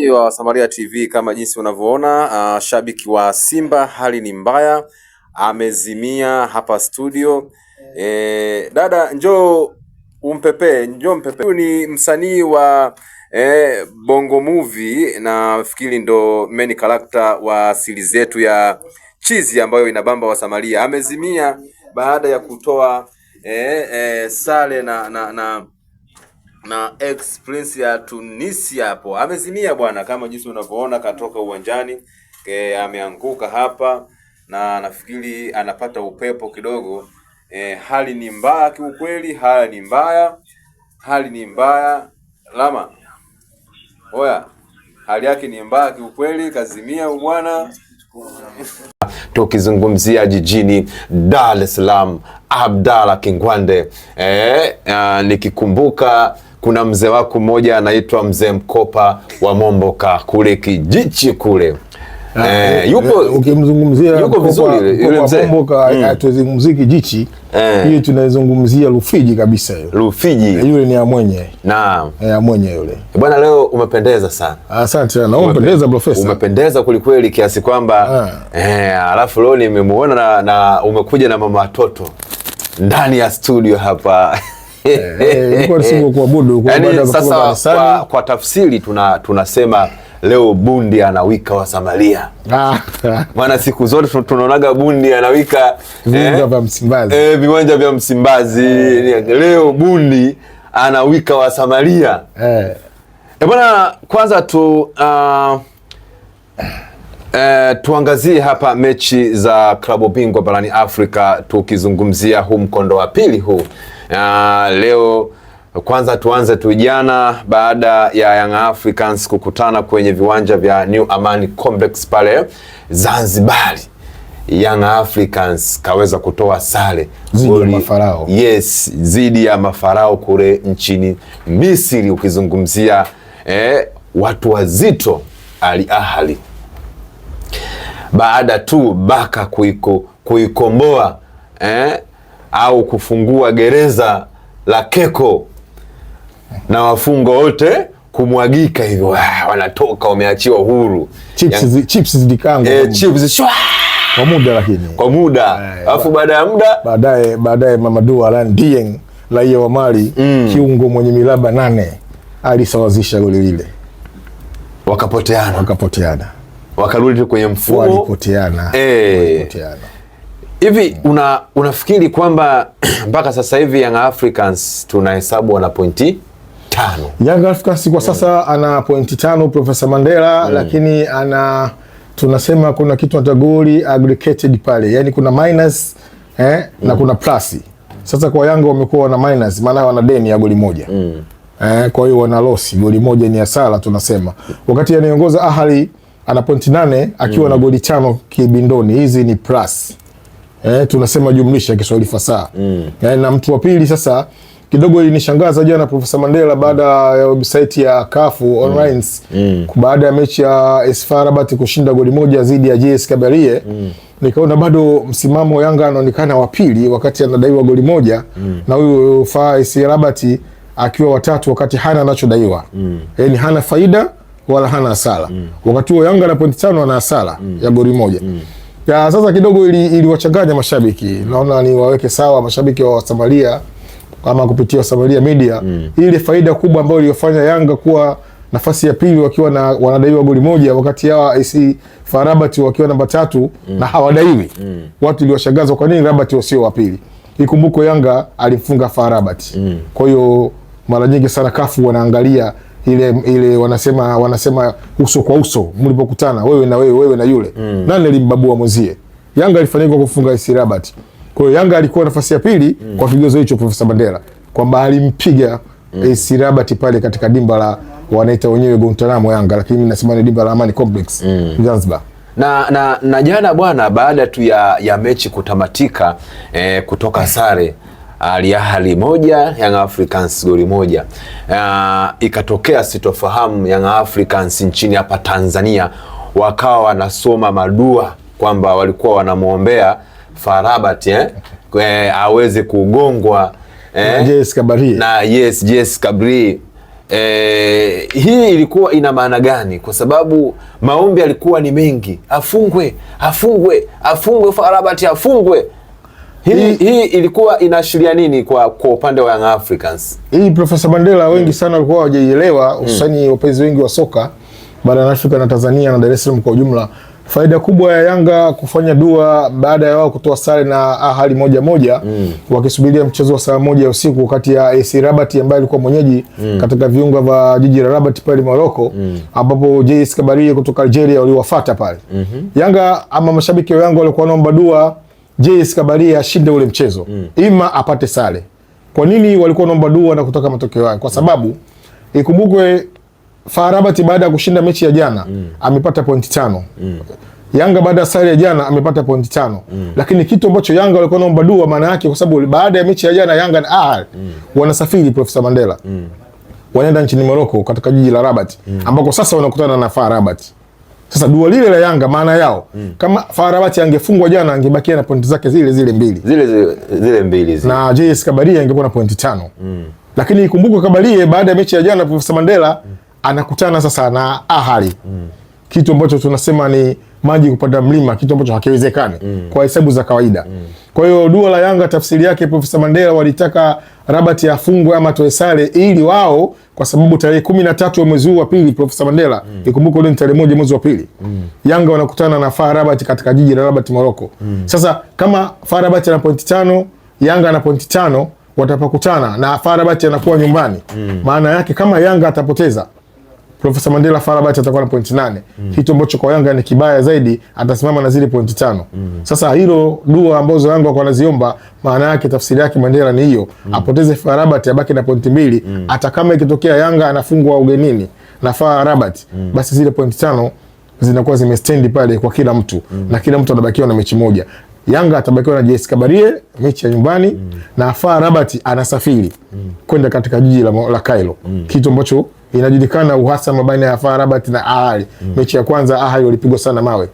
Mtazamaji wa Samaria TV, kama jinsi unavyoona, uh, shabiki wa Simba hali ni mbaya, amezimia hapa studio. E, dada njoo umpepee, njoo mpepee. Huyu ni msanii wa e, Bongo Movie na fikiri ndo main character wa siri zetu ya chizi ambayo inabamba wa Samaria. Amezimia baada ya kutoa e, e, sale na, na, na na ex Prince ya Tunisia hapo amezimia bwana, kama jinsi unavyoona, katoka uwanjani ke, ameanguka hapa na nafikiri anapata upepo kidogo. E, hali ni mbaya kiukweli, hali ni mbaya, hali ni mbaya lama oya, hali yake ni mbaya kiukweli, kazimia bwana. Tukizungumzia jijini Dar es Salaam, Abdalla Kingwande, e, nikikumbuka kuna mzee wako mmoja anaitwa mzee Mkopa wa Momboka kule Kijichi kule ah, eh, eh, yupo eh, ukimzungumzia yuko vizuri yule mzee hmm. Kijichi hiyo tunaizungumzia Rufiji kabisa hiyo Rufiji yule ni amwenye naam eh, amwenye yule bwana, leo umependeza sana, asante sana. umependeza profesa, umependeza kweli kweli kiasi kwamba ah. eh, alafu leo nimemuona na, na umekuja na mama watoto ndani ya studio hapa Eh, yaani sasa kwa tafsiri tuna tunasema leo bundi anawika wa Samaria, ah. maana siku zote tunaonaga bundi anawika viwanja eh, vya Msimbazi, eh, viwanja vya Msimbazi. Eh. Leo bundi anawika wa Samaria bwana. Kwanza tu uh, tuangazie hapa mechi za klabu bingwa barani Afrika tukizungumzia huu mkondo wa pili huu Uh, leo kwanza tuanze tu, jana baada ya Young Africans kukutana kwenye viwanja vya New Amani Complex pale Zanzibar, Young Africans kaweza kutoa sare zidi ya Mafarao, yes, zidi ya Mafarao kule nchini Misri. Ukizungumzia eh, watu wazito Al Ahly baada tu Baka kuikomboa eh, au kufungua gereza la Keko na wafungwa wote kumwagika hivyo, ah, wanatoka wameachiwa huru, chips zilikaangwa eh, chips shwa kwa muda, lakini kwa muda eh, alafu baada ya muda baadaye baadaye Mamadou Allan Dieng raia wa Mali mm. kiungo mwenye miraba nane alisawazisha goli lile, wakapoteana wakapoteana wakarudi kwenye mfumo, walipoteana eh. walipoteana Hivi una, unafikiri kwamba mpaka sasa hivi Young Africans tunahesabu wana pointi tano. Young Africans kwa sasa mm. ana pointi tano Profesa Mandela mm. lakini ana tunasema kuna kitu goli aggregated pale, yaani kuna minus eh, mm. na kuna plus. Sasa kwa Yanga wamekuwa wana minus, maana wana deni ya goli moja mm. eh, kwa hiyo wana loss goli moja ni hasara tunasema, wakati anaongoza Ahali ana pointi nane akiwa mm. na goli tano kibindoni, hizi ni plus eh, tunasema jumlisha Kiswahili fasaha mm. Yani, eh, na mtu wa pili sasa kidogo ilinishangaza jana Profesa Mandela baada ya website ya Kafu online mm. mm. baada ya mechi ya AS Rabat kushinda goli moja dhidi ya JS Kabylie mm. nikaona bado msimamo Yanga anaonekana wa pili wakati anadaiwa goli moja mm. na huyu AS Rabat akiwa watatu wakati hana anachodaiwa mm. yani eh, hana faida wala hana hasara mm. wakati huo Yanga na pointi tano ana hasara mm. ya goli moja mm. Ya sasa kidogo iliwachanganya mashabiki, naona ni waweke sawa mashabiki wa Samaria ama kupitia Wasamaria Media mm. Ile faida kubwa ambayo iliyofanya Yanga kuwa nafasi ya pili wakiwa na wanadaiwa goli moja, wakati hawa AC FAR Rabat wakiwa namba tatu mm. na hawadaiwi mm. Watu iliwashangaza kwa nini Rabat wasio wa pili. Ikumbuko Yanga alifunga FAR Rabat mm. Kwa hiyo mara nyingi sana kafu wanaangalia ile ile wanasema wanasema uso kwa uso mlipokutana wewe na wewe wewe na yule mm. nani alimbabua mwenzie? Yanga alifanikiwa kufunga AC Rabat. Kwa hiyo Yanga alikuwa nafasi ya pili mm. kwa kigezo hicho Profesa Bandera kwamba alimpiga mm. AC Rabat pale katika dimba la wanaita wenyewe Guantanamo Yanga, lakini mimi nasema ni dimba la Amani Complex mm. Zanzibar na na na jana bwana, baada tu ya, ya mechi kutamatika eh, kutoka sare Al Ahly moja, Young Africans goli moja. Uh, ikatokea sitofahamu Young Africans nchini hapa Tanzania wakawa wanasoma madua kwamba walikuwa wanamwombea Farabat eh, Kwe, aweze kugongwa eh, na yes yes Kabri eh, hii ilikuwa ina maana gani? Kwa sababu maombi alikuwa ni mengi, afungwe afungwe afungwe, Farabat afungwe hii, hii ilikuwa inaashiria nini kwa kwa upande wa Young Africans? Hii Profesa Mandela wengi mm. sana walikuwa hawajaielewa mm. hususani mm. wapenzi wengi wa soka barani Afrika na Tanzania na Dar es Salaam kwa ujumla. Faida kubwa ya Yanga kufanya dua baada ya wao kutoa sare na Ahali moja moja mm. wakisubiria mchezo wa saa moja ya usiku kati ya AS Rabat ambaye alikuwa mwenyeji mm. katika viunga vya jiji la Rabat pale Morocco mm. ambapo JS Kabylie kutoka Algeria waliwafuata pale mm -hmm. Yanga ama mashabiki wa Yanga walikuwa wanaomba dua JS Kabaria ashinde ule mchezo mm. ima apate sare. Kwa nini walikuwa naomba dua na kutaka matokeo hayo? Kwa sababu mm. ikumbukwe FAR Rabat baada ya kushinda mechi ya jana mm. amepata pointi tano mm. Yanga baada ya sare ya jana amepata pointi tano mm. lakini kitu ambacho Yanga walikuwa naomba dua maana yake, kwa sababu baada ya mechi ya jana Yanga na Ahly mm. wanasafiri Profesa Mandela mm. wanaenda nchini Morocco katika jiji la Rabat mm. ambako sasa wanakutana na FAR Rabat sasa dua lile la Yanga maana yao mm. kama Farabati angefungwa jana angebakia na pointi zake zile zile mbili zile zile, zile mbili zile. na JS kabarie angekuwa na pointi tano mm. lakini ikumbuke kabarie baada ya mechi ya jana Profesa Mandela mm. anakutana sasa na Ahali mm kitu ambacho tunasema ni maji kupanda mlima, kitu ambacho hakiwezekani mm. kwa hesabu za kawaida mm. Kwa hiyo dua la Yanga tafsiri yake Profesa Mandela walitaka Rabati afungwe ama toe sare, ili wao kwa sababu tarehe kumi na tatu ya mwezi huu wa pili, Profesa Mandela mm. ikumbuke mm. ile ni tarehe moja mwezi wa pili mm. Yanga wanakutana na FAR Rabati katika jiji la Rabati Moroko mm. Sasa kama FAR Rabati ana pointi tano Yanga ana pointi tano watapokutana na FAR Rabat anakuwa nyumbani mm. maana yake kama Yanga atapoteza Profesa Mandela Farabat atakuwa na pointi nane mm. kitu ambacho kwa Yanga ni kibaya zaidi, atasimama na zile pointi tano mm. Sasa hilo dua ambazo Yanga wako wanaziomba, maana yake tafsiri yake Mandela ni hiyo mm. apoteze Farabat abaki na pointi mbili mm. hata kama ikitokea Yanga anafungwa ugenini na Farabat mm. basi zile pointi tano zinakuwa zimestendi pale kwa kila mtu mm. na kila mtu anabakiwa na mechi moja. Yanga atabakiwa na JS Kabarie mechi ya nyumbani mm. na Farabat anasafiri mm. kwenda katika jiji la, la Cairo mm. kitu ambacho Inajulikana uhasama baina ya FAR Rabat na Ahly mm. mechi ya kwanza Ahly walipigwa sana mawe,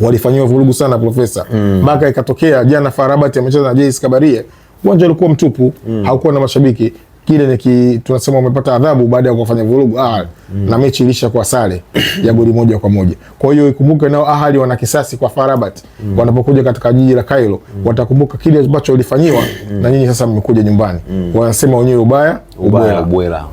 walifanyiwa vurugu sana profesa mm. mpaka mm. ikatokea jana FAR Rabat amecheza na JS Kabarie, uwanja ulikuwa mtupu mm. haukuwa na mashabiki. Kile ni tunasema umepata adhabu baada ya kufanya vurugu Ahly mm. na mechi ilisha kwa sare ya goli moja kwa moja. Kwa hiyo ikumbuke nao Ahly wana kisasi kwa FAR Rabat mm. wanapokuja katika jiji la Cairo mm. watakumbuka kile ambacho walifanyiwa mm. na nyinyi sasa mmekuja nyumbani mm. wanasema wenyewe ubaya ubaya ubwela